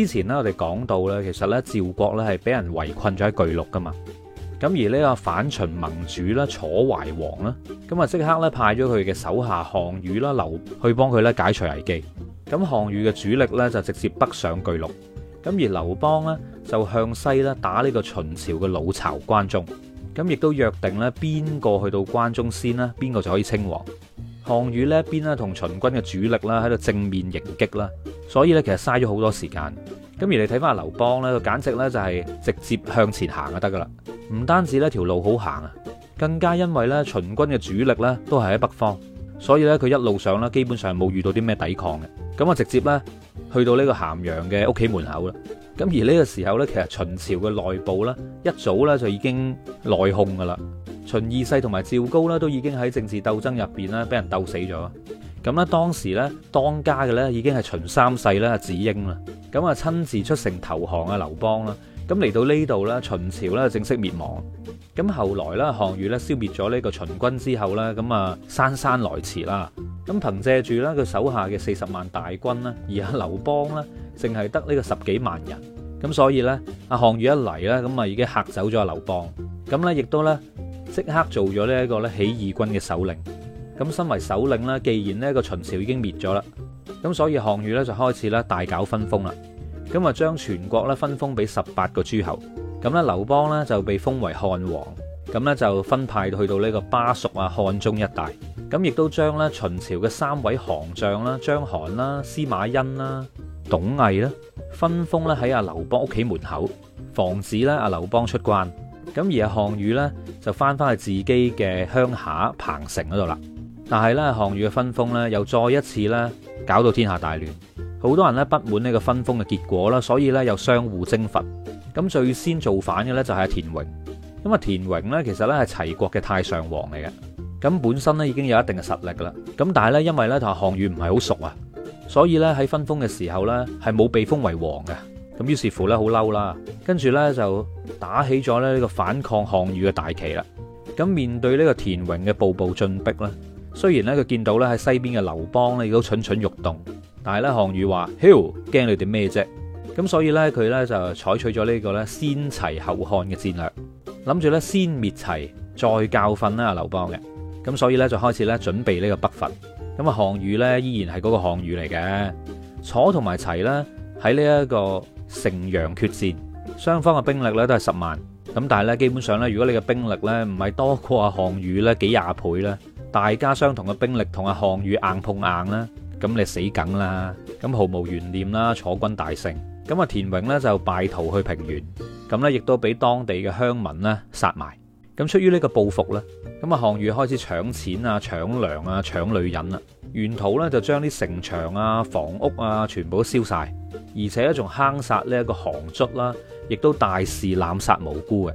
之前咧，我哋講到咧，其實咧趙國咧係俾人圍困咗喺巨鹿噶嘛，咁而呢個反秦盟主啦，楚懷王啦，咁啊即刻咧派咗佢嘅手下項羽啦、劉去幫佢咧解除危機。咁項羽嘅主力咧就直接北上巨鹿，咁而劉邦呢就向西啦打呢個秦朝嘅老巢關中。咁亦都約定咧，邊個去到關中先咧，邊個就可以稱王。項羽呢邊呢同秦軍嘅主力啦喺度正面迎擊啦。所以咧，其實嘥咗好多時間。咁而你睇翻阿劉邦呢，簡直呢就係直接向前行就得噶啦！唔單止呢條路好行啊，更加因為呢秦軍嘅主力呢都係喺北方，所以呢，佢一路上呢基本上冇遇到啲咩抵抗嘅。咁啊直接呢去到呢個咸陽嘅屋企門口啦。咁而呢個時候呢，其實秦朝嘅內部呢一早呢就已經內訌噶啦。秦二世同埋趙高呢都已經喺政治鬥爭入邊呢俾人鬥死咗。咁咧，當時咧，當家嘅咧已經係秦三世啦，子嬰啦，咁啊親自出城投降啊，劉邦啦，咁嚟到呢度啦，秦朝咧正式滅亡。咁後來咧，項羽咧消滅咗呢個秦軍之後咧，咁啊，姍姍來遲啦。咁憑借住咧佢手下嘅四十萬大軍啦，而阿劉邦咧，淨係得呢個十幾萬人。咁所以咧，阿項羽一嚟咧，咁啊已經嚇走咗阿劉邦。咁呢亦都咧即刻做咗呢一個咧起義軍嘅首領。咁身為首領呢，既然呢個秦朝已經滅咗啦，咁所以項羽咧就開始咧大搞分封啦。咁啊，將全國咧分封俾十八個諸侯。咁咧，劉邦呢就被封為漢王。咁咧就分派去到呢個巴蜀啊、漢中一帶。咁亦都將咧秦朝嘅三位行將啦，章邯啦、司馬欣啦、董翳啦，分封咧喺阿劉邦屋企門口，防止咧阿劉邦出關。咁而阿項羽呢，就翻返去自己嘅鄉下彭城嗰度啦。但係咧，項羽嘅分封咧，又再一次咧，搞到天下大亂。好多人咧不滿呢個分封嘅結果啦，所以咧又相互征伐。咁最先造反嘅咧就係田榮。咁啊，田榮咧其實咧係齊國嘅太上皇嚟嘅。咁本身咧已經有一定嘅實力㗎啦。咁但係咧，因為咧同項羽唔係好熟啊，所以咧喺分封嘅時候咧係冇被封為王嘅。咁於是乎咧好嬲啦，跟住咧就打起咗咧呢個反抗項羽嘅大旗啦。咁面對呢個田榮嘅步步進逼咧。雖然咧佢見到咧喺西邊嘅劉邦咧亦都蠢蠢欲動，但係咧項羽話：嘿、hey, 驚你哋咩啫？咁所以咧佢咧就採取咗呢個咧先齊後漢嘅戰略，諗住咧先滅齊再教訓啦劉邦嘅。咁所以咧就開始咧準備呢個北伐。咁啊，項羽咧依然係嗰個項羽嚟嘅。楚同埋齊咧喺呢一個城陽決戰，雙方嘅兵力咧都係十萬。咁但係咧基本上咧，如果你嘅兵力咧唔係多過阿項羽咧幾廿倍咧。大家相同嘅兵力同阿項羽硬碰硬啦，咁你死梗啦，咁毫無懸念啦，楚軍大勝，咁啊田榮呢，就敗逃去平原，咁呢亦都俾當地嘅鄉民呢殺埋，咁出於呢個報復呢，咁啊項羽開始搶錢啊、搶糧啊、搶女人啊，沿途呢就將啲城牆啊、房屋啊全部都燒晒，而且呢，仲坑殺呢一個降卒啦，亦都大肆濫殺無辜嘅，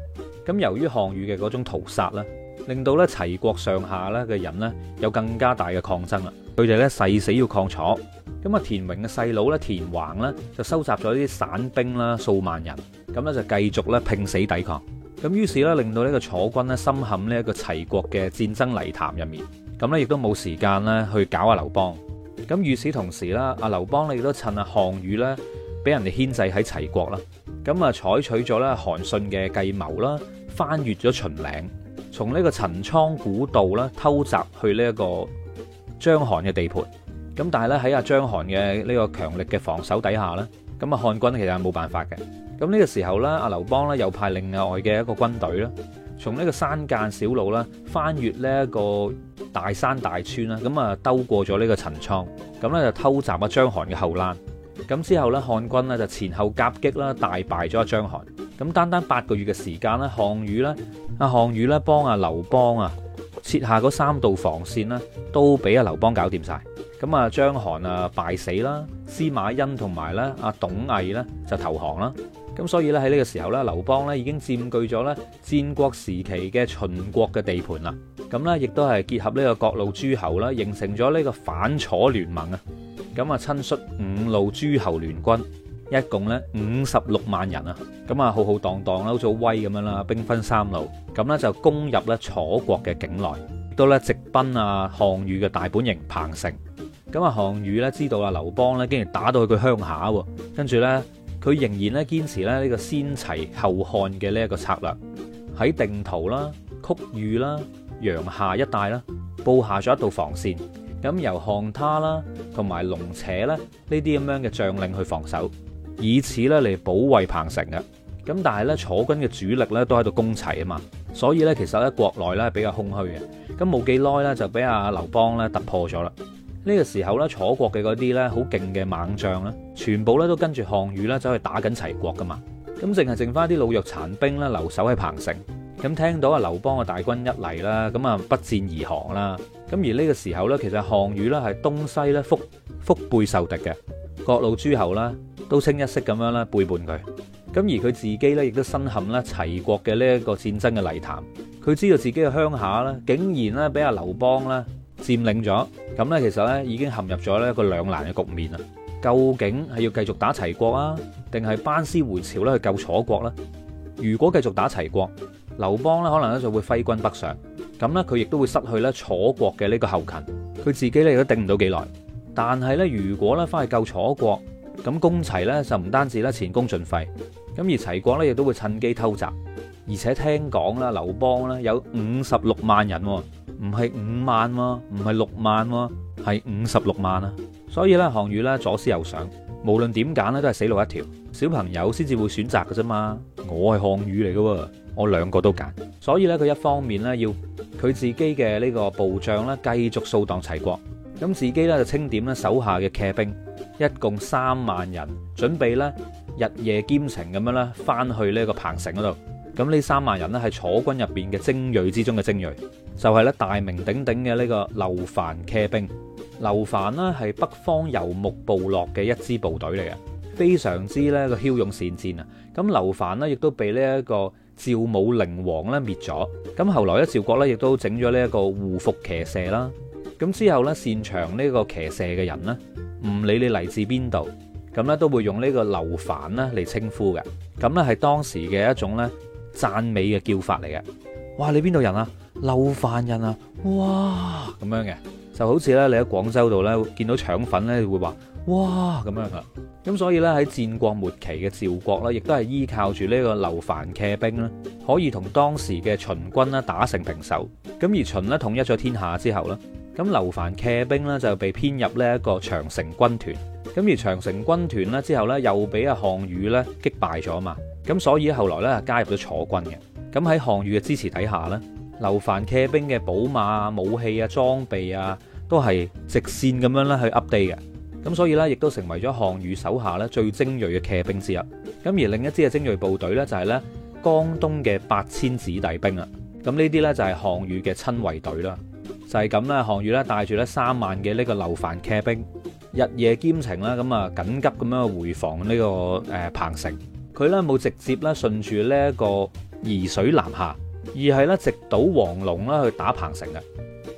咁由於項羽嘅嗰種屠殺呢，令到咧齊國上下咧嘅人咧有更加大嘅抗爭啦，佢哋咧誓死要抗楚。咁啊田榮嘅細佬咧田橫咧就收集咗啲散兵啦，數萬人，咁咧就繼續咧拼死抵抗。咁於是咧令到呢個楚軍咧深陷呢一個齊國嘅戰爭泥潭入面，咁咧亦都冇時間咧去搞阿劉邦。咁與此同時啦，阿劉邦咧亦都趁阿項羽咧俾人哋牽制喺齊國啦，咁啊採取咗咧韓信嘅計謀啦，翻越咗秦嶺。從呢個陳倉古道咧偷襲去呢一個張韓嘅地盤，咁但係咧喺阿張韓嘅呢個強力嘅防守底下咧，咁啊漢軍其實係冇辦法嘅。咁、這、呢個時候咧，阿劉邦咧又派另外嘅一個軍隊咧，從呢個山間小路啦，翻越呢一個大山大川啦，咁啊兜過咗呢個陳倉，咁咧就偷襲阿張韓嘅後欄，咁之後咧漢軍呢就前後夾擊啦，大敗咗阿張韓。咁單單八個月嘅時間呢，項羽呢，阿項羽咧，幫阿劉邦啊設下嗰三道防線呢，都俾阿劉邦搞掂晒。咁啊，章邯啊敗死啦，司馬欣同埋咧阿董翳呢就投降啦。咁所以呢喺呢個時候咧，劉邦呢已經佔據咗呢戰國時期嘅秦國嘅地盤啦。咁咧亦都係結合個呢個各路諸侯啦，形成咗呢個反楚聯盟啊。咁啊親率五路諸侯聯軍，一共咧五十六萬人啊，咁啊浩浩蕩蕩啦，好似好威咁樣啦，兵分三路咁呢，就攻入咧楚國嘅境內，到咧直奔啊項羽嘅大本營彭城。咁啊項羽呢，知道啊，劉邦呢，竟然打到去佢鄉下喎，跟住呢，佢仍然咧堅持咧呢個先齊後漢嘅呢一個策略，喺定陶啦、曲遇啦、陽夏一帶啦布下咗一道防線，咁由項他啦同埋龍且咧呢啲咁樣嘅將領去防守。以此咧嚟保衛彭城嘅，咁但係咧楚軍嘅主力咧都喺度攻齊啊嘛，所以咧、這個，其實咧國內咧比較空虛嘅，咁冇幾耐咧，就俾阿劉邦咧突破咗啦。呢個時候咧，楚國嘅嗰啲咧好勁嘅猛將咧，全部咧都跟住項羽咧走去打緊齊國噶嘛，咁淨係剩翻啲老弱殘兵咧留守喺彭城，咁聽到阿劉邦嘅大軍一嚟啦，咁啊不戰而降啦，咁而呢個時候咧，其實項羽咧係東西咧腹腹背受敵嘅，各路諸侯啦。都清一色咁樣咧，背叛佢。咁而佢自己咧，亦都身陷咧齊國嘅呢一個戰爭嘅泥潭。佢知道自己嘅鄉下咧，竟然咧俾阿劉邦咧佔領咗。咁咧，其實咧已經陷入咗呢一個兩難嘅局面啊！究竟係要繼續打齊國啊，定係班師回朝咧去救楚國呢？如果繼續打齊國，劉邦咧可能咧就會揮軍北上，咁咧佢亦都會失去咧楚國嘅呢個後勤，佢自己咧亦都頂唔到幾耐。但係咧，如果咧翻去救楚國，咁攻齊咧就唔單止啦，前功盡廢。咁而齊國咧亦都會趁機偷襲，而且聽講啦，劉邦咧有五十六萬人，唔係五萬，唔係六萬，係五十六萬啊！所以咧項羽咧左思右想，無論點揀咧都係死路一條。小朋友先至會選擇嘅啫嘛，我係項羽嚟㗎喎，我兩個都揀。所以咧佢一方面咧要佢自己嘅呢個部將咧繼續掃蕩齊國，咁自己咧就清點咧手下嘅騎兵。一共三萬人，準備咧日夜兼程咁樣咧翻去呢個彭城嗰度。咁呢三萬人咧係楚軍入邊嘅精銳之中嘅精銳，就係咧大名鼎鼎嘅呢個樓煩騎兵。樓煩咧係北方游牧部落嘅一支部隊嚟嘅，非常之咧個驍勇善戰啊！咁樓煩咧亦都被呢一個趙武靈王咧滅咗。咁後來咧趙國咧亦都整咗呢一個胡服騎射啦。咁之後呢，擅長呢個騎射嘅人呢，唔理你嚟自邊度，咁呢都會用呢個樓煩呢嚟稱呼嘅。咁呢係當時嘅一種呢讚美嘅叫法嚟嘅。哇！你邊度人啊？樓煩人啊！哇咁樣嘅就好似呢，你喺廣州度呢，見到腸粉呢，會話哇咁樣啊。咁所以呢，喺戰國末期嘅趙國呢，亦都係依靠住呢個樓煩騎兵呢，可以同當時嘅秦軍呢打成平手。咁而秦呢，統一咗天下之後呢。咁劉凡騎兵呢，就被編入呢一個長城軍團，咁而長城軍團呢，之後呢，又俾阿項羽咧擊敗咗嘛，咁所以後來呢，加入咗楚軍嘅，咁喺項羽嘅支持底下呢，劉凡騎兵嘅寶馬、武器啊、裝備啊都係直線咁樣咧去 update 嘅，咁所以呢，亦都成為咗項羽手下呢最精銳嘅騎兵之一，咁而另一支嘅精銳部隊呢，就係呢江東嘅八千子弟兵啊，咁呢啲呢，就係項羽嘅親衛隊啦。就係咁啦，項羽咧帶住咧三萬嘅呢個樓煩騎兵，日夜兼程啦，咁啊緊急咁樣回防呢個誒彭城。佢咧冇直接咧順住呢一個沂水南下，而係咧直搗黃龍啦去打彭城嘅。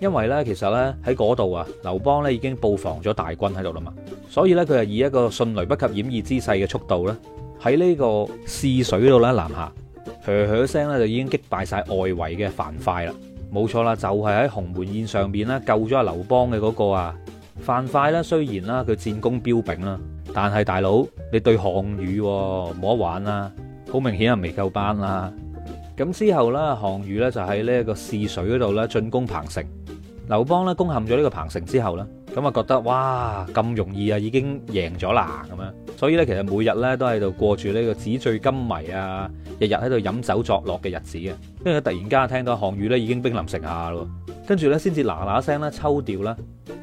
因為咧其實咧喺嗰度啊，劉邦咧已經布防咗大軍喺度啦嘛，所以咧佢係以一個迅雷不及掩耳之勢嘅速度咧喺呢個泗水度咧南下，噥噥聲咧就已經擊敗晒外圍嘅樊噲啦。冇錯啦，就係喺鴻門宴上面咧救咗阿劉邦嘅嗰、那個啊樊噲啦，雖然啦佢戰功彪炳啦，但係大佬你對項羽冇得玩啦，好明顯係未夠班啦。咁之後啦，項羽咧就喺呢一個泗水嗰度咧進攻彭城，劉邦咧攻陷咗呢個彭城之後咧。咁啊，覺得哇咁容易啊，已經贏咗啦咁樣，所以呢，其實每日呢都喺度過住呢個紙醉金迷啊，日日喺度飲酒作樂嘅日子嘅，跟住突然間聽到項羽呢已經兵臨城下咯，跟住呢，先至嗱嗱聲咧抽調啦，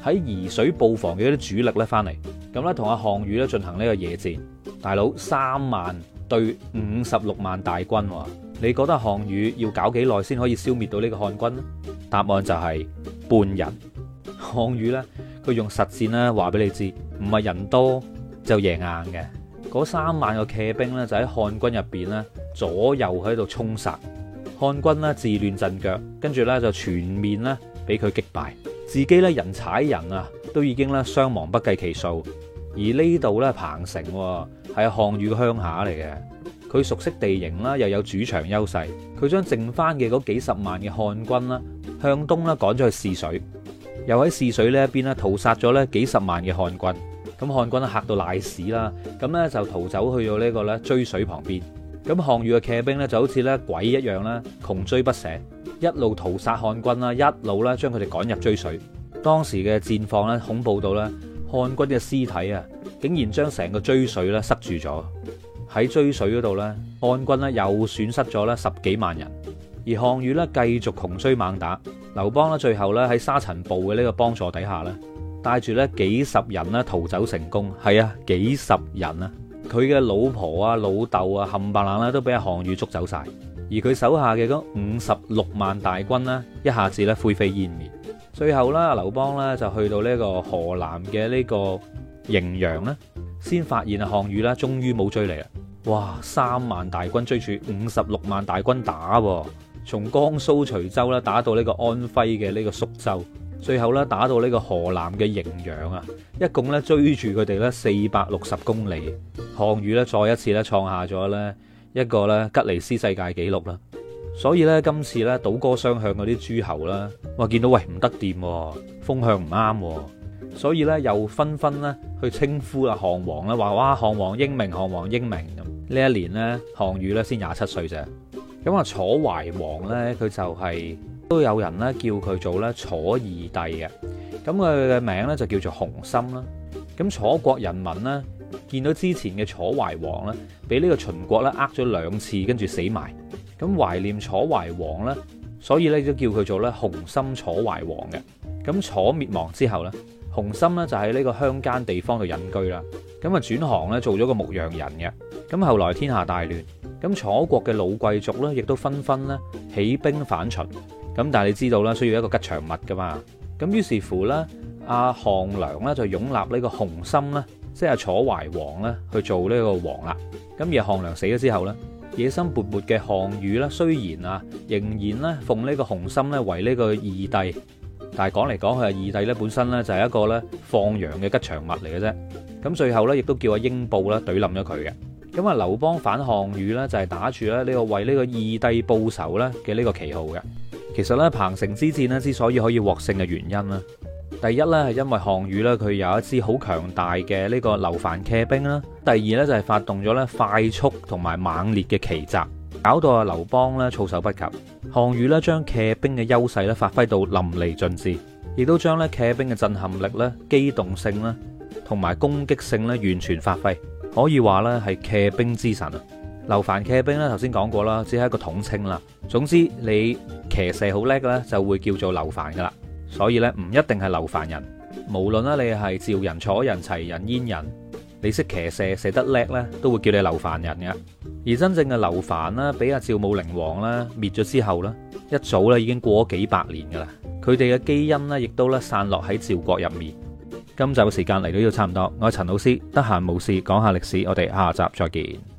喺沂水布防嘅啲主力呢翻嚟，咁呢同阿項羽呢進行呢個野戰，大佬三萬對五十六萬大軍喎，你覺得項羽要搞幾耐先可以消滅到呢個漢軍呢？答案就係半日。項羽呢。佢用實戰咧話俾你知，唔係人多就贏硬嘅。嗰三萬個騎兵咧就喺漢軍入邊咧左右喺度衝殺，漢軍咧自亂陣腳，跟住咧就全面咧俾佢擊敗，自己咧人踩人啊，都已經咧傷亡不計其數。而呢度咧彭城係項羽嘅鄉下嚟嘅，佢熟悉地形啦，又有主場優勢，佢將剩翻嘅嗰幾十萬嘅漢軍啦，向東啦趕咗去泗水。又喺泗水呢一邊咧屠殺咗咧幾十萬嘅漢軍，咁漢軍咧嚇到瀨屎啦，咁咧就逃走去咗呢個咧睢水旁邊，咁項羽嘅騎兵咧就好似咧鬼一樣啦，窮追不捨，一路屠殺漢軍啦，一路咧將佢哋趕入睢水，當時嘅戰況咧恐怖到咧漢軍嘅屍體啊，竟然將成個睢水咧塞住咗，喺睢水嗰度咧漢軍咧又損失咗咧十幾萬人。而項羽咧繼續窮追猛打，劉邦咧最後咧喺沙塵暴嘅呢個幫助底下咧，帶住咧幾十人咧逃走成功。係啊，幾十人啊！佢嘅老婆啊、老豆啊、冚唪唥啦，都俾項羽捉走晒。而佢手下嘅嗰五十六萬大軍呢，一下子咧灰飛煙滅。最後咧，劉邦呢，就去到呢個河南嘅呢、呢個滎陽呢先發現啊，項羽咧終於冇追嚟啦！哇，三萬大軍追住五十六萬大軍打喎，啊！從江蘇徐州咧打到呢個安徽嘅呢個宿州，最後咧打到呢個河南嘅滎陽啊，一共咧追住佢哋咧四百六十公里。項羽咧再一次咧創下咗咧一個咧吉尼斯世界紀錄啦。所以咧今次咧倒戈相向嗰啲諸侯啦，哇，見到喂，唔得掂，風向唔啱，所以咧又紛紛咧去稱呼啦項王啦，話哇，項王英明，項王英明。呢一年咧項羽咧先廿七歲啫。咁啊，楚懷王呢，佢就係、是、都有人呢叫佢做呢楚義帝嘅。咁佢嘅名呢，就叫做熊心啦。咁楚國人民呢，見到之前嘅楚懷王呢，俾呢個秦國呢呃咗兩次，跟住死埋。咁懷念楚懷王呢，所以呢，都叫佢做呢熊心楚懷王嘅。咁楚滅亡之後呢，「熊心」呢，就喺呢個鄉間地方度隱居啦。咁啊轉行呢，做咗個牧羊人嘅。咁後來天下大亂。咁楚國嘅老貴族呢，亦都紛紛呢起兵反秦。咁但係你知道啦，需要一個吉祥物噶嘛。咁於是乎呢，阿項梁呢就擁立呢個熊心呢即係楚懷王呢去做呢個王啦。咁而項梁死咗之後呢，野心勃勃嘅項羽呢，雖然啊仍然呢奉呢個熊心呢為呢個義帝，但係講嚟講去，義帝呢本身呢就係一個呢放羊嘅吉祥物嚟嘅啫。咁最後呢，亦都叫阿英布呢，懟冧咗佢嘅。咁啊，劉邦反項羽呢就係打住咧呢個為呢個義帝報仇咧嘅呢個旗號嘅。其實呢，彭城之戰咧之所以可以獲勝嘅原因咧，第一呢係因為項羽呢佢有一支好強大嘅呢個樓煩騎兵啦。第二呢，就係發動咗呢快速同埋猛烈嘅奇襲，搞到啊劉邦呢措手不及。項羽呢將騎兵嘅優勢咧發揮到淋漓盡致，亦都將呢騎兵嘅震撼力咧、機動性咧同埋攻擊性咧完全發揮。可以話咧係騎兵之神啊！樓煩騎兵咧，頭先講過啦，只係一個統稱啦。總之你騎射好叻嘅咧，就會叫做樓煩噶啦。所以呢，唔一定係樓煩人，無論啦你係趙人、楚人、齊人、燕人，你識騎射射得叻呢，都會叫你樓煩人噶。而真正嘅樓煩呢，俾阿趙武靈王呢滅咗之後呢，一早呢已經過咗幾百年噶啦，佢哋嘅基因呢，亦都呢散落喺趙國入面。今集嘅時間嚟到呢度差唔多，我係陳老師，得閒冇事講下歷史，我哋下集再見。